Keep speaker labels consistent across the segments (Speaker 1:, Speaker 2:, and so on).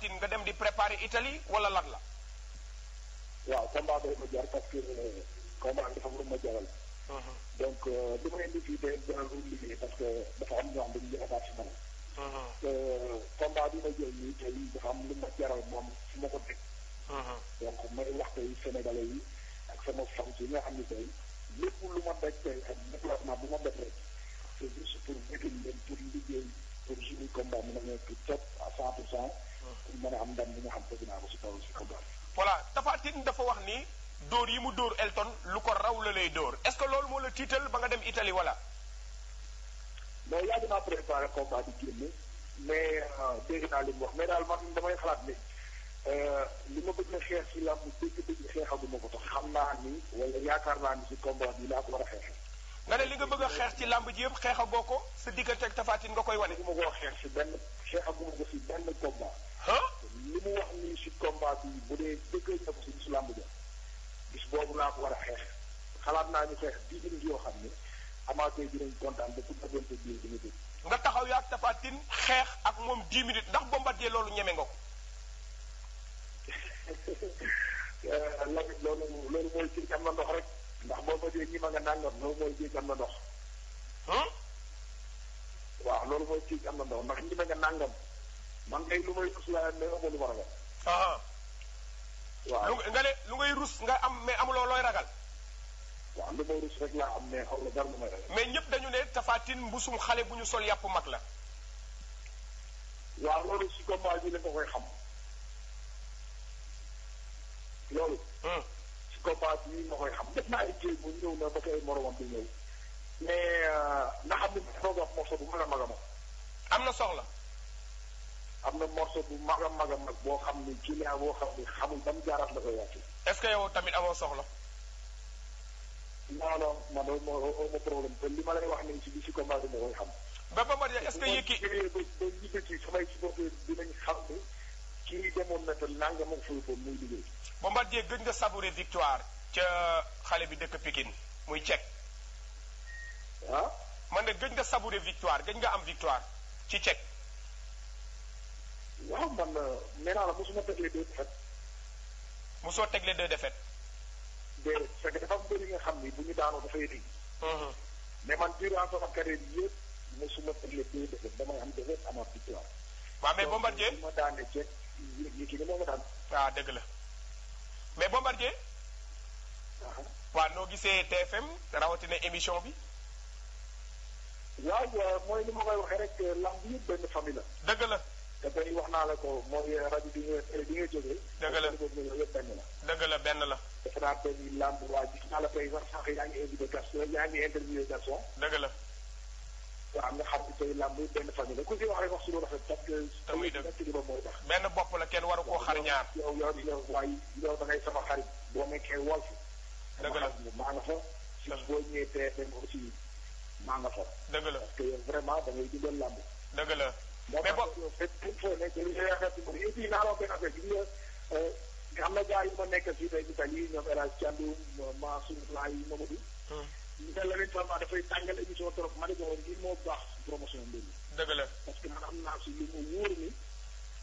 Speaker 1: Tafatine nga dem di préparer Italie wala lan la.
Speaker 2: waaw combat bi ma jar parce que euh, combat dafa ma jaral. Mhm. donc euh, li ma indi fii day jaral parce que dafa am ñoo xam dañuy yaakaar mhm. euh, bi ma jël am lu ma jaral moom su ma ko teg. Mhm. donc may wax tey sénégalais yi ak sama fan yi nga xam ne tey lépp lu ma daj tey ak déplacement bu ma def rek c'est juste pour béykat leen pour liggéey pour suñu combat mën a nekk top à 100 pour cent. pour mën a am ndam bi si kaw si kaw daal.
Speaker 1: dafa wax nii dóor yi mu dóor Elton lu ko raw la lay dóor est-ce que loolu moo la tiital ba nga dem Italie
Speaker 2: wala. mais yàgg naa préparé combat bi génn euh, li mu wax mais daal man damay xalaat ni euh, ma bëgg a xeex si làmb dëgg dëgg xeexaguma ko tax xam naa ni wala yaakaar naa ni si combat bi laa ko
Speaker 1: war ci làmb ji yëpp boo ko sa diggante ak Tapha Tine nga koy wane. xeexaguma ko xeex si benn xeexaguma
Speaker 2: ko si benn li mu wax nii si combat bi bu dee dëggal na ko si bis làmb bis boobu laa ko war a xeex xalaat naa ñu xeex di minutes yoo xam ne amaatee dinañ kontaan ba ku dagante biir dina nga taxaw yaa Tapha Tine xeex ak moom 10 minutes ndax Bombardier loolu ñeme nga ko lamit loolu loolu mooy ci am na ndox rek ndax Bombardier ñi ma nga nàngam loolu mooy ci am waaw loolu mooy ci am na ndox ndax ñi nga nàngam man kay lu may rus laa mais amul ah. waaw nga lu ngay rus nga am mais amuloo looy ragal. waaw lu may rus rek laa am mais xaw la dara lu may
Speaker 1: ragal. mais ñëpp dañu ne tafaatin mbusum xale bu ñu sol yàpp mag la.
Speaker 2: waaw loolu si combat bi koy xam. loolu. Hmm. si combat bi ma koy xam def naa ay jéego ñëw na ba ay bi ñëw mais nga xam ne moom wax morso bu mën a mag a am na soxla. am na morceau bu mag a mag a mag boo xam ni client boo xam ni xamul ban jaaraat la koy wàcc.
Speaker 1: est-ce que yow tamit amoo soxla.
Speaker 2: non non man de ma ma problème te li ma lay wax nañ ci bi ci combat xam. ba ba Maria est-ce que yëkki bu ma ba ci samay supporters dinañ xam ne kii demoon na te nangam ak foofu muy liggéey. Bombardier gëj nga savourer victoire
Speaker 1: ca xale bi dëkk Pikine muy Cech. ah. man de gëj nga savourer victoire gëj nga am victoire ci Cech.
Speaker 2: waaw man euh, nee naa la mosuma tegle deux défaites. mosoo tegle deux défaites. déedéet parce dafa am nga xam ni bu ñu daanoo dafay rëy. Mhm. mais man durant sama carrière yëpp mosuma tegle deux défaites damay am défaite amaat victoire. waaw mais Bombardier ma daanee ceeb yi kii moo ma dëgg la mais
Speaker 1: Bombardier. Ah. waaw noo gisee TFM rawatina émission bi.
Speaker 2: waaw mooy ni ma koy waxee rek euh, lamb yëpp benn famille la. dëgg la. te bay wax naa la ko mooy rajo bi bi nga jógee. dëgg la yëpp benn la. dëgg la benn la. defe naa benn waa gis naa la tey sax sax yaa ngi invité garçon yaa ngi interviewé garçon. dëgg la. waaw nga xam ne tey benn famille la ku si wax rek wax su lu rafet parce que. tamit ba mooy tax. benn bopp la kenn waru koo xar ñaar. yow yow yow waaye yow da ngay sama xarit boo nekkee wolf. dëgg la maa nga fa. si boo ñëwee TFM aussi maa nga fa. dëgg la parce vraiment da ngay dugal làmb. dëgg la. mais bo mais naa benn affaire bi nga xam na gars yi ma nekk fii tey Italie ñoom El Hadj Thiandoum Mansour Laye Mamadou. ñu ne la leen vraiment dafay tàngal émission trop ma ne ko woon moo baax promotion bi. dëgg la parce que man am naa si lu mu wóor ni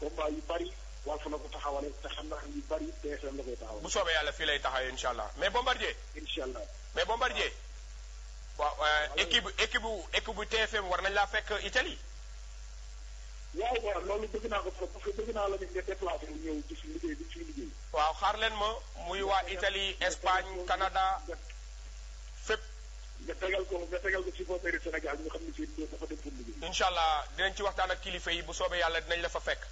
Speaker 2: combat yu bari wàll fa la ko taxawalee te xam naa yu bari TFM la koy taxawalee. bu soobee
Speaker 1: yàlla fii lay taxawee incha allah mais
Speaker 2: Bombardier. incha allah mais
Speaker 1: Bombardier. Euh, waaw équipe équipe bu équipe bu TFM war nañ laa fekk Italie.
Speaker 2: waaw waaw loolu bëgg naa ko trop parce que bëgg naa la leen ma muy waa Italie Espagne Canada fépp. nga ko nga tegal
Speaker 1: ko ci boppéri Sénégal ñu xam ne ci dafa dem pour liggéey. incha allah dinañ ci waxtaan ak kilifa yi bu soobee yàlla dinañ la fa fekk.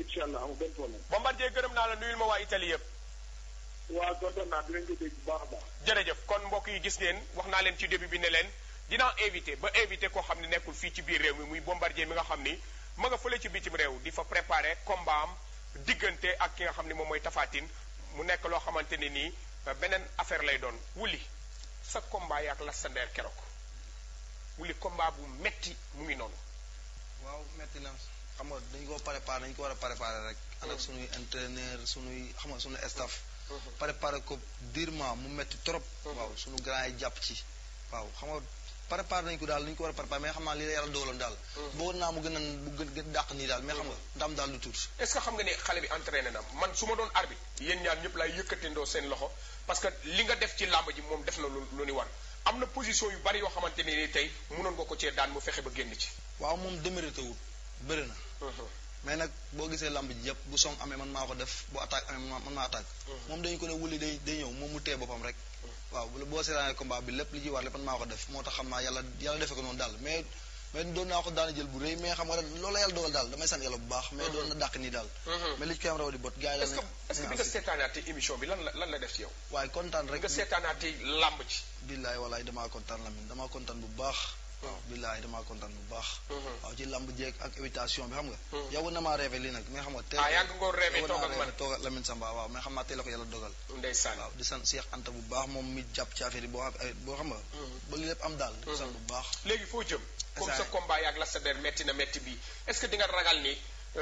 Speaker 1: incha allah amul benn gërëm naa la nuyul ma waa Italie yëpp. waaw kontaan naa dinañ ko dégg jërëjëf kon mbokk yi gis ngeen wax naa leen ci début bi ne leen. dinaa invité ba invité koo xam ne nekkul fii ci biir réew mi muy bombardier mi nga xam ni ma nga fële ci bitim réew di fa préparé combat am diggante ak ki nga xam ne moom mooy tafaatin mu nekk loo xamante ne nii euh, beneen affaire lay doon wuli sa combat ak la sandeer
Speaker 3: keroog wuli combat bu metti mu ngi noonu. waaw metti na xam nga dañu ko préparé dañu ko war a préparé rek. ànd ak suñuy entraîneur suñuy xam nga suñu staff. Mhm. préparé ko durement mu metti trop. Mhm. suñu grand yi jàpp ci. préparé nañ ko daal nañ a préparé mais xam naa li la yàlla dooloon daal hmm. bëggoon naa mu gën a mu gën dàq nii daal mais xam nga hmm. ndam daal lu tuuti
Speaker 1: est xam nga ne xale bi entraîné na man su ma doon arbitre yéen ñaar ñëpp laay yëkkatindoo seen loxo parce que li nga def ci làmb ji moom def wul
Speaker 3: bëri na hmm. mais nag boo gisee lamb ji yëpp bu song amee man maa ko def bu attaque amee man maa attaque moom dañu ko ne wuli day day ñëw moom mu tee boppam rek waaw boo seetaanee combat bi lépp li ci war lépp man maa ko def moo tax xam naa yàlla yàlla defe ko noonu daal mais mais doon naa ko daana jël bu rëy mais xam nga ren loolu la yàlla dogal daal damay sant yàlla bu baax mais mhm. doon na dàq nii daal mhm. mais li koy am raw waaye kontaan rek nga seetaanaatee làmb ci billaay walaay damaa kontaan Lamine damaa kontaan bu baax waaw billaahi damaa kontaan bu baax mhm. waaw ci lamb jeeg ak invitation bi xam nga mhm. yow na maa rêvé lii nag mais xam nga teel yàgg nga rêvé toog ak man toog ak Lamine Samba ko yàlla dogal ndeysaan waaw di sant Cheikh Anta bu baax moom mi jàpp ci affaire boo xam nga mhm. ba li lépp am daal di sant bu baax léegi foo jëm comme sa
Speaker 1: combat yaag la sa der metti na metti bi est di nga ragal ni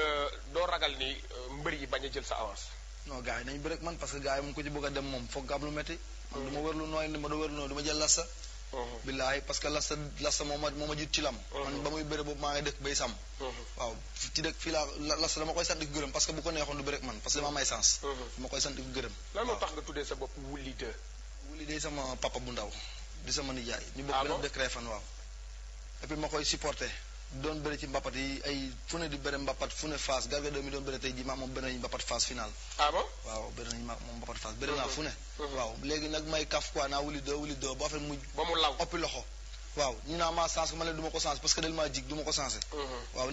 Speaker 1: euh, doo ragal ni euh, mbër yi bañ a jël sa avance
Speaker 3: non gars yi nañ bëri man parce que gars moom ko ci bëgg a dem moom foog nga lu Uh-huh. billaay parce que lasta lasta moo a moo ma jiit ci lam uh-huh. man ba muy bëre boobu maa ngi dëkk bay sàmm uh-huh. waaw ci dëkk fii laa lasta dama koy sant di ko gërëm parce que bu ko neexoon du bëre man parce que dama may sens dama koy sant di ko gërëm lan moo tax nga tuddee sa bopp wulli de wulli de sama papa bu ndaw di sama nijaay ñu bokk ah benn dëkk Réfane waaw et ma koy supporté doon bëri ci mbappat yi ay fu ne di bëri mbappat fu ne Fass Garga doom mi doon bëri tey jii maa moom bëri mbappat Fass final. Ah waaw bëri nañu maa mbappat Fass bëri naa mu. ma ko sens parce que del maa jig du ma ko mm-hmm.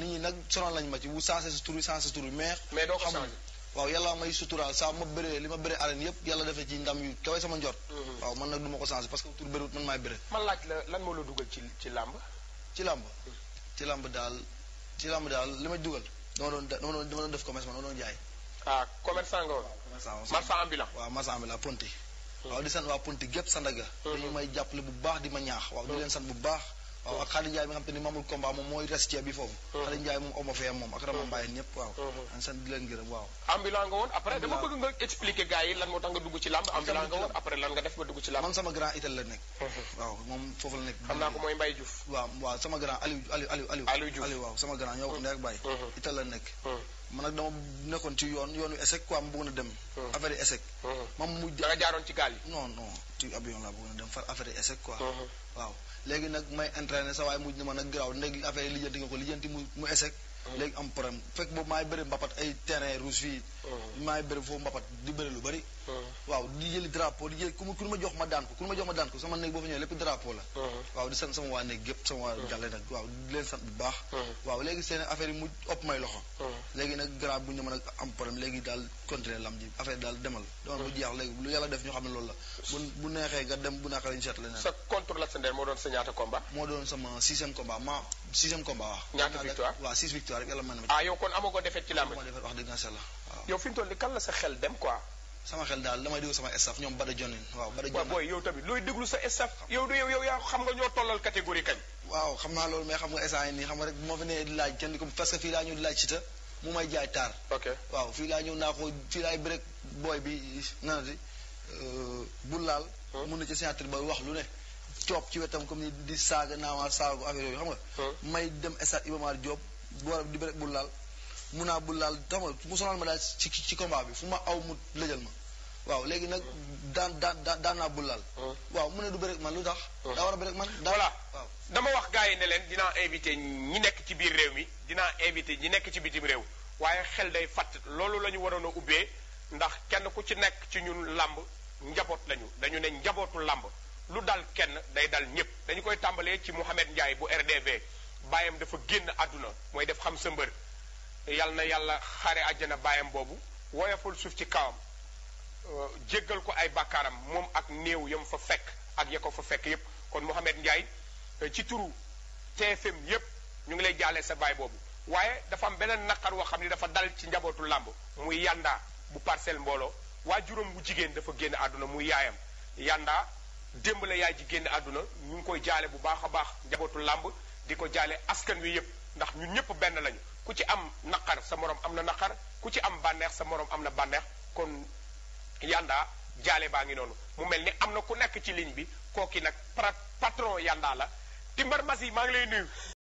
Speaker 3: mais. mais doo ko sensé waaw yàlla may suturaal saa defee ci ndam yu kawee sama njort. Mm-hmm. waaw man nag ko sensé parce que tur bëriwut man maay bëree. man laaj la lan moo la dugal ci ci làmb. ci làmb mm. ci làmb daal ci làmb daal li ma dugal dama doon doon dama doon def commerce man dama doon jaay. ah commerçant nga woon. marchand ambulant waaw marchand ambulant Ponty. Hmm. waaw di sant waa Ponty gépp Sandaga. Hmm. dañu may jàppale bu baax di ma ñaax waaw di leen sant bu baax. waaw ak Xaali mi xam te ni mamul combat moom mooy res ceeb bi foofu Xaali hmm. moom omo fee moom ak Rama hmm. Mbaye ñëpp waaw hmm. an sant di leen ngërëm waaw
Speaker 1: ambulant nga woon après lan nga def ba
Speaker 3: dugg ci làmb man sama grand ital la nekk waaw moom foofu la nekk xam naa ko mooy Mbaye Diouf waaw waaw sama grand Aliou Aliou Aliou Aliou Aliou Diouf Aliou waaw sama grand ñoo ko ndey ak Baye la nekk man nag dama nekkoon ci yoon yoonu échec ko am bëgg na dem. Hmm. affaire yi échec. moom mu da nga jaaroon ci gaal yi. non non ci avion laa bëgg na dem far affaire yi ko hmm. waaw léegi nag may entraîné sa waaye mujj na ma nag garaaw ndeg affaire yi lijjanti nga ko lijjanti mu mu échec. Hmm. léegi am problème fekk boobu maay bëri mbapat ay terrain rouge fii. maay bëri foofu mbapat di bëri lu bëri. waaw di jëli drapeau di jël ku ma jox ma daan ko ku ma jox ma daan ko sama néeg boo fa ñëwee lépp drapeau la uh-huh. waaw di sama waa néeg gépp sama uh-huh. waaw di leen sant bu baax uh-huh. waaw léegi seen affaire yi mu ëpp may loxo léegi bu ñu mën a am problème léegi daal continuer lam demal demal bu jeex léegi lu yàlla def ñu loolu la bu neexee nga dem bu doon sa ñaata combat moo doon sama sixième combat ma sixième combat waaw ñaata victoire waaw six victoire rek yàlla mën na ma ah yow kon amagoo defet ci làmb la waaw yow fi mu toll ni kan la sa xel dem quoi sama xel daal damay déglu sama staff ñoom Bada Jonin waaw Bada Jonin booy yow tamit looy déglu sa staff yow du yow yow yaa xam nga
Speaker 1: ñoo tollal catégorie kañ
Speaker 3: waaw xam naa loolu mais xam nga instant yi xam nga rek bu ma fi nee di laaj kenn di ko parce que fii laa ñëw di laa ñëw naa ko fii laay bëre booy bi nanati euh, bu laal hmm. mun na ci signature ba wax lu ne coob ci wetam comme ni di saaga naawaa saaga affaire yooyu xam nga hmm. may dem stade Iba Mar Diop bu war di bëre bul laal mun naa bu laal tax ma mu sonal ma daal ci ci combat bi fu ma aw mu lëjal ma waaw léegi nag daan daan daan naa bul laal. Hmm. waaw mu ne du bëri ak man lu tax. Hmm. daa war a bëri man voilà waaw
Speaker 1: dama wax gars yi ne leen dinaa invité ñi nekk ci biir réew mi dinaa invité ñi nekk ci bitim réew waaye xel day fàtt loolu la ñu waroon a ubbee ndax kenn ku ci nekk ci ñun làmb njaboot lañu dañu ne njabootu làmb lu dal kenn day dal ñëpp dañu koy tàmbalee ci Mouhamed Ndiaye bu RDV baayam dafa génn àdduna mooy def xam sa yal na yàlla xare àjjana baayam boobu woyofal suuf ci kawam euh, jéggal ko ay bàkkaaram moom ak néew yam fa fekk ak ya ko fa fekk yépp kon Mouhamed Ndiaye euh, ci turu TFM yépp ñu ngi lay jaalee sa baay boobu waaye dafa am beneen naqar woo xam ni dafa dal ci njabootu làmb muy yàndaa bu parcelle mbooloo waa juróom wu jigéen dafa génn àdduna muy yaayam yàndaa démb la yaay ji génn àdduna ñu ngi koy jaale bu baax a baax njabootu làmb di ko jaale askan wi yépp ndax ñun ñépp benn lañu ku ci am naqar sa moroom am na naqar ku ci am bànneex sa moroom am na bànneex kon yanda jaale baa ngi noonu mu mel ni am na ku nekk ci ligne bi kooki nag patron yanda la Timbar Mas maa ngi lay nuyu